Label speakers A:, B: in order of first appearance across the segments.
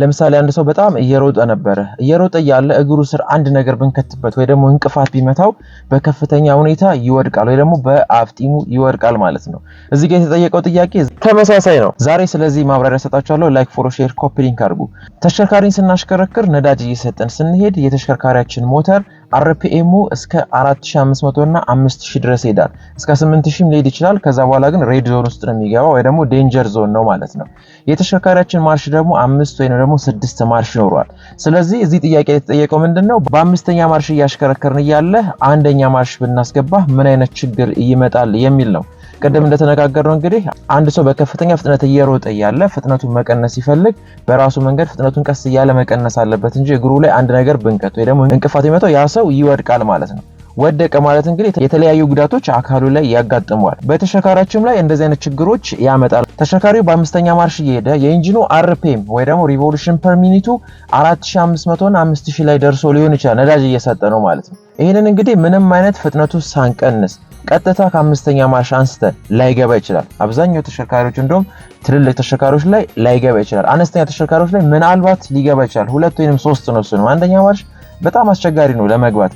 A: ለምሳሌ አንድ ሰው በጣም እየሮጠ ነበረ። እየሮጠ እያለ እግሩ ስር አንድ ነገር ብንከትበት ወይ ደግሞ እንቅፋት ቢመታው በከፍተኛ ሁኔታ ይወድቃል ወይ ደግሞ በአፍጢሙ ይወድቃል ማለት ነው። እዚህ ጋር የተጠየቀው ጥያቄ ተመሳሳይ ነው። ዛሬ ስለዚህ ማብራሪያ ሰጣችኋለሁ። ላይክ፣ ፎሎ፣ ሼር፣ ኮፒ ሊንክ አድርጉ። ተሽከርካሪን ስናሽከረክር ነዳጅ እየሰጠን ስንሄድ የተሽከርካሪያችን ሞተር አርፒኤሙ እስከ 4500 እና 5000 ድረስ ይሄዳል። እስከ 8000ም ሊሄድ ይችላል። ከዛ በኋላ ግን ሬድ ዞን ውስጥ ነው የሚገባው ወይ ደግሞ ዴንጀር ዞን ነው ማለት ነው። የተሽከርካሪያችን ማርሽ ደግሞ አምስት ወይም ደግሞ ስድስት ማርሽ ይኖረዋል። ስለዚህ እዚህ ጥያቄ የተጠየቀው ምንድነው በአምስተኛ ማርሽ እያሽከረከርን እያለ አንደኛ ማርሽ ብናስገባ ምን አይነት ችግር ይመጣል የሚል ነው። ቅድም እንደተነጋገርነው እንግዲህ አንድ ሰው በከፍተኛ ፍጥነት እየሮጠ እያለ ፍጥነቱን መቀነስ ሲፈልግ በራሱ መንገድ ፍጥነቱን ቀስ እያለ መቀነስ አለበት እንጂ እግሩ ላይ አንድ ነገር ብንቀት ወይ ደግሞ እንቅፋት የሚመጣው ያ ሰው ይወድቃል ማለት ነው። ወደቀ ማለት እንግዲህ የተለያዩ ጉዳቶች አካሉ ላይ ያጋጥመዋል። በተሸካሪያችም ላይ እንደዚህ አይነት ችግሮች ያመጣል። ተሸካሪው በአምስተኛ ማርሽ እየሄደ የኢንጂኑ አርፔም ወይ ደግሞ ሪቮሉሽን ፐርሚኒቱ ሚኒቱ 4500ና 5000 ላይ ደርሶ ሊሆን ይችላል። ነዳጅ እየሰጠ ነው ማለት ነው። ይህንን እንግዲህ ምንም አይነት ፍጥነቱ ሳንቀንስ ቀጥታ ከአምስተኛ ማርሽ አንስተ ላይገባ ይችላል። አብዛኛው ተሽከርካሪዎች እንደውም ትልልቅ ተሽከርካሪዎች ላይ ላይገባ ይችላል። አነስተኛ ተሽከርካሪዎች ላይ ምናልባት ሊገባ ይችላል። ሁለት ወይም ሶስት ነው። አንደኛ ማርሽ በጣም አስቸጋሪ ነው ለመግባት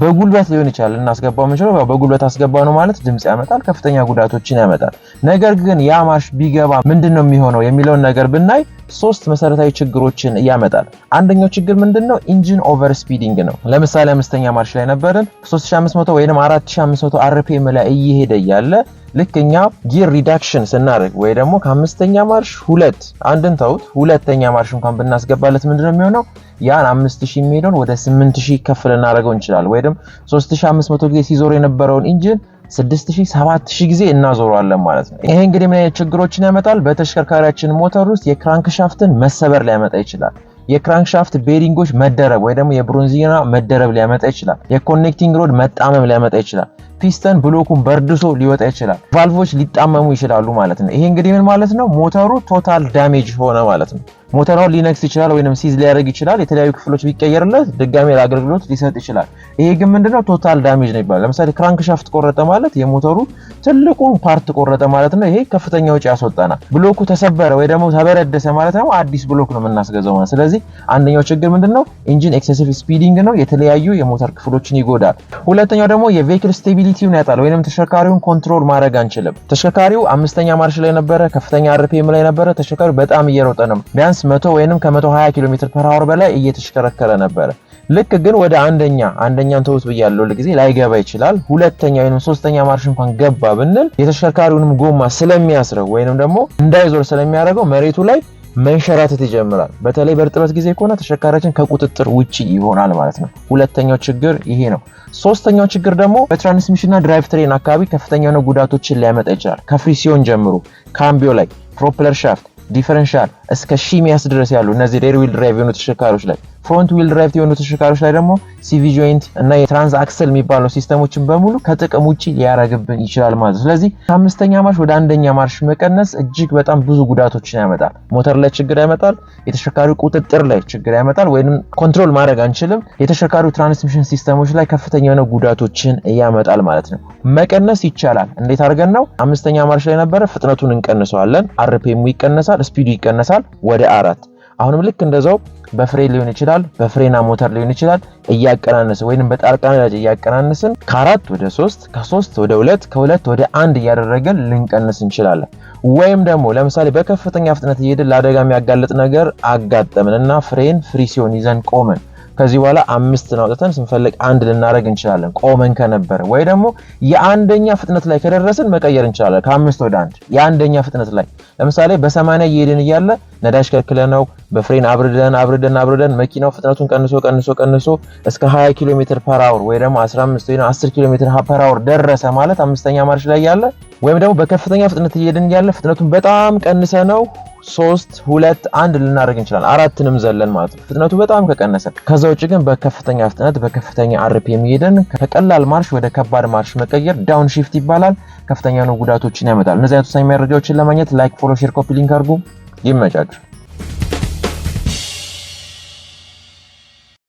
A: በጉልበት ሊሆን ይችላል እናስገባው የምንችለው ያው በጉልበት አስገባ ነው ማለት ድምፅ ያመጣል፣ ከፍተኛ ጉዳቶችን ያመጣል። ነገር ግን ያ ማርሽ ቢገባ ምንድን ነው የሚሆነው የሚለውን ነገር ብናይ ሶስት መሰረታዊ ችግሮችን ያመጣል። አንደኛው ችግር ምንድን ነው? ኢንጂን ኦቨር ስፒዲንግ ነው። ለምሳሌ አምስተኛ ማርሽ ላይ ነበርን 3500 ወይም 4500 አርፒኤም ላይ እየሄደ እያለ ልክ እኛ ጊር ሪዳክሽን ስናደርግ ወይ ደግሞ ከአምስተኛ ማርሽ ሁለት አንድን ተውት፣ ሁለተኛ ማርሽ እንኳን ብናስገባለት ምንድነው የሚሆነው? ያን አምስት ሺህ የሚሄደውን ወደ ስምንት ሺህ ከፍ ልናደርገው እንችላለን። ወይ ደግሞ ሶስት አምስት መቶ ጊዜ ሲዞር የነበረውን ኢንጂን ስድስት ሺህ ሰባት ሺህ ጊዜ እናዞረዋለን ማለት ነው። ይሄ እንግዲህ ምን አይነት ችግሮችን ያመጣል? በተሽከርካሪያችን ሞተር ውስጥ የክራንክ ሻፍትን መሰበር ሊያመጣ ይችላል። የክራንክሻፍት ቤሪንጎች መደረብ ወይ ደግሞ የብሮንዚና መደረብ ሊያመጣ ይችላል። የኮኔክቲንግ ሮድ መጣመም ሊያመጣ ይችላል። ፒስተን ብሎኩን በርድሶ ሊወጣ ይችላል። ቫልቮች ሊጣመሙ ይችላሉ ማለት ነው። ይሄ እንግዲህ ምን ማለት ነው? ሞተሩ ቶታል ዳሜጅ ሆነ ማለት ነው። ሞተሯ ሊነክስ ይችላል ወይም ሲዝ ሊያደርግ ይችላል። የተለያዩ ክፍሎች ቢቀየርለት ድጋሚ ለአገልግሎት ሊሰጥ ይችላል። ይሄ ግን ምንድነው ቶታል ዳሜጅ ነው ይባላል። ለምሳሌ ክራንክ ሻፍት ቆረጠ ማለት የሞተሩ ትልቁን ፓርት ቆረጠ ማለት ነው። ይሄ ከፍተኛ ውጪ ያስወጣና ብሎኩ ተሰበረ ወይ ደግሞ ተበረደሰ ማለት ነው። አዲስ ብሎክ ነው የምናስገዛው ማለት ስለዚህ አንደኛው ችግር ምንድነው? ኢንጂን ኤክሴሲቭ ስፒዲንግ ነው። የተለያዩ የሞተር ክፍሎችን ይጎዳል። ሁለተኛው ደግሞ የቬክል ስቴቢ ስቴቢሊቲውን ያጣል፣ ወይንም ተሽከርካሪውን ኮንትሮል ማድረግ አንችልም። ተሽከርካሪው አምስተኛ ማርሽ ላይ ነበረ፣ ከፍተኛ አርፒኤም ላይ ነበረ። ተሽከርካሪው በጣም እየሮጠ ነው። ቢያንስ መቶ ወይንም ከ120 ኪሎ ሜትር ፐር አወር በላይ እየተሽከረከረ ነበረ። ልክ ግን ወደ አንደኛ አንደኛን ተውት ብያለሁ ጊዜ ላይገባ ይችላል። ሁለተኛ ወይም ሶስተኛ ማርሽ እንኳን ገባ ብንል የተሽከርካሪውንም ጎማ ስለሚያስረው ወይንም ደግሞ እንዳይዞር ስለሚያደርገው መሬቱ ላይ መንሸራተት ይጀምራል። በተለይ በእርጥበት ጊዜ ከሆነ ተሽከርካሪያችን ከቁጥጥር ውጭ ይሆናል ማለት ነው። ሁለተኛው ችግር ይሄ ነው። ሶስተኛው ችግር ደግሞ በትራንስሚሽንና ድራይቭ ትሬን አካባቢ ከፍተኛ የሆነ ጉዳቶችን ሊያመጣ ይችላል። ከፍሪሲዮን ጀምሮ ካምቢዮ ላይ፣ ፕሮፕለር ሻፍት፣ ዲፈረንሻል እስከ ሺህ ሚያስ ድረስ ያሉ እነዚህ ሬር ዊል ድራይቭ የሆኑ ተሽከርካሪዎች ላይ ፍሮንት ዊል ድራይቭ የሆኑ ተሽከርካሪዎች ላይ ደግሞ ሲቪ ጆይንት እና የትራንስአክስል የሚባሉ ሲስተሞችን በሙሉ ከጥቅም ውጭ ሊያረግብን ይችላል ማለት ነው። ስለዚህ ከአምስተኛ ማርሽ ወደ አንደኛ ማርሽ መቀነስ እጅግ በጣም ብዙ ጉዳቶችን ያመጣል። ሞተር ላይ ችግር ያመጣል። የተሽከርካሪው ቁጥጥር ላይ ችግር ያመጣል፣ ወይም ኮንትሮል ማድረግ አንችልም። የተሽከርካሪው ትራንስሚሽን ሲስተሞች ላይ ከፍተኛ የሆነ ጉዳቶችን ያመጣል ማለት ነው። መቀነስ ይቻላል። እንዴት አድርገን ነው? አምስተኛ ማርሽ ላይ ነበረ፣ ፍጥነቱን እንቀንሰዋለን። አርፔሙ ይቀነሳል፣ ስፒዱ ይቀነሳል ይመለሳል ወደ አራት። አሁንም ልክ እንደዛው በፍሬ ሊሆን ይችላል፣ በፍሬና ሞተር ሊሆን ይችላል። እያቀናነስን ወይንም በጣር ቀናዳጅ እያቀናነስን ከአራት ወደ ሶስት ከሶስት ወደ ሁለት ከሁለት ወደ አንድ እያደረገን ልንቀንስ እንችላለን። ወይም ደግሞ ለምሳሌ በከፍተኛ ፍጥነት እየሄድን ለአደጋ የሚያጋልጥ ነገር አጋጠምን እና ፍሬን ፍሪ ሲሆን ይዘን ቆምን ከዚህ በኋላ አምስትን አውጥተን ስንፈልግ አንድ ልናደርግ እንችላለን። ቆመን ከነበረ ወይ ደግሞ የአንደኛ ፍጥነት ላይ ከደረስን መቀየር እንችላለን። ከአምስት ወደ አንድ የአንደኛ ፍጥነት ላይ ለምሳሌ በሰማንያ እየሄድን እያለ ነዳጅ ከልክለ ነው በፍሬን አብርደን አብርደን አብርደን መኪናው ፍጥነቱን ቀንሶ ቀንሶ ቀንሶ እስከ 20 ኪሎ ሜትር ፐር አወር ወይ ደግሞ 15 ወይ 10 ኪሎ ሜትር ፐር አወር ደረሰ ማለት አምስተኛ ማርሽ ላይ ያለ ወይም ደግሞ በከፍተኛ ፍጥነት እየሄድን እያለ ፍጥነቱን በጣም ቀንሰ ነው ሶስት ሁለት አንድ ልናደርግ እንችላለን። አራትንም ዘለን ማለት ነው ፍጥነቱ በጣም ከቀነሰ። ከዛ ውጭ ግን በከፍተኛ ፍጥነት በከፍተኛ አርፒ የሚሄደን ከቀላል ማርሽ ወደ ከባድ ማርሽ መቀየር ዳውን ሺፍት ይባላል። ከፍተኛ ነው ጉዳቶችን ያመጣል። እነዚህ አይነት ወሳኝ መረጃዎችን ለማግኘት ላይክ፣ ፎሎ፣ ሼር፣ ኮፒ ሊንክ አድርጉ። ይመቻችሁ።